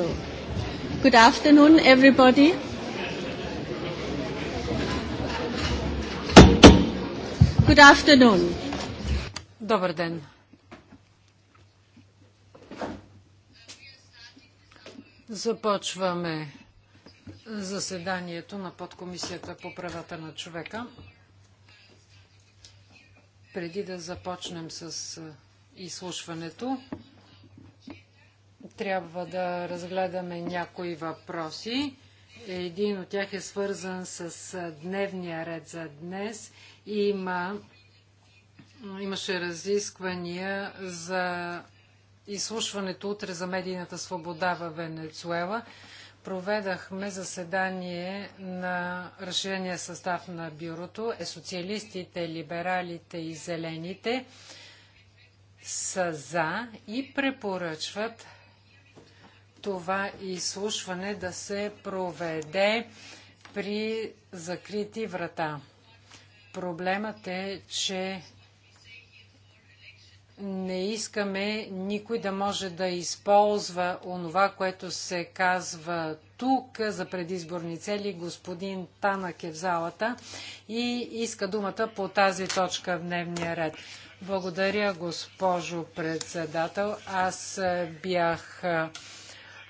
So, good afternoon, everybody. Good afternoon. Добър ден. Започваме заседанието на подкомисията по правата на човека. Преди да започнем с изслушването, трябва да разгледаме някои въпроси. Един от тях е свързан с дневния ред за днес. Има, имаше разисквания за изслушването утре за медийната свобода в Венецуела. Проведахме заседание на разширения състав на бюрото. Е социалистите, либералите и зелените са за и препоръчват това изслушване да се проведе при закрити врата. Проблемът е, че не искаме никой да може да използва онова, което се казва тук за предизборни цели. Господин Танък е в залата и иска думата по тази точка в дневния ред. Благодаря, госпожо председател. Аз бях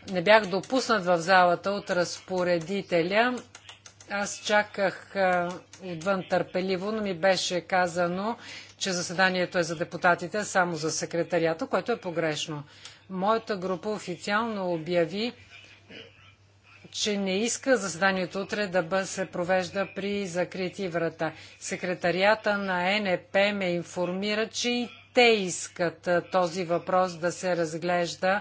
не бях допуснат в залата от разпоредителя. Аз чаках отвън търпеливо, но ми беше казано, че заседанието е за депутатите, а само за секретарията, което е погрешно. Моята група официално обяви, че не иска заседанието утре да се провежда при закрити врата. Секретарията на НП ме информира, че и те искат този въпрос да се разглежда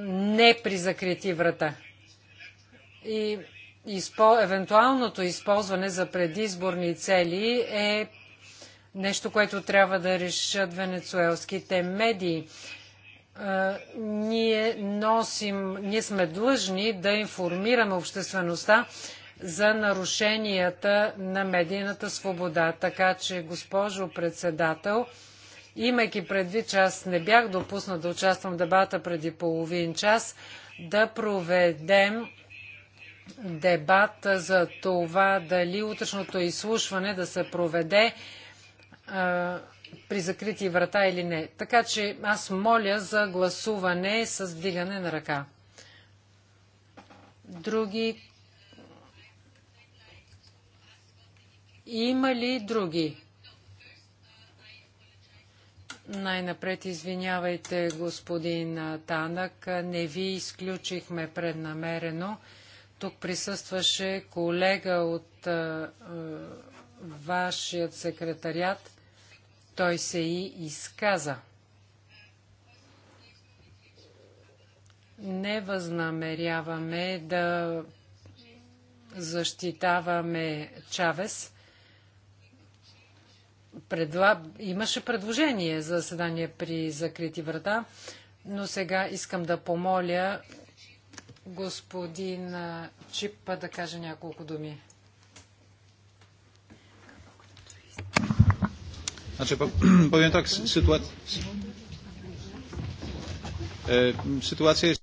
не при закрити врата. И изпо, евентуалното използване за предизборни цели е нещо, което трябва да решат венецуелските медии. ние носим, ние сме длъжни да информираме обществеността за нарушенията на медийната свобода. Така че, госпожо председател, имайки предвид, че аз не бях допуснат да участвам в дебата преди половин час, да проведем дебат за това дали утрешното изслушване да се проведе при закрити врата или не. Така че аз моля за гласуване с вдигане на ръка. Други. Има ли други? Най-напред извинявайте, господин Танък, не ви изключихме преднамерено. Тук присъстваше колега от е, вашият секретарят. Той се и изказа. Не възнамеряваме да защитаваме Чавес – предла... имаше предложение за заседание при закрити врата, но сега искам да помоля господин Чипа да каже няколко думи. Значи, Znaczy, так, ситуация... Ситуация е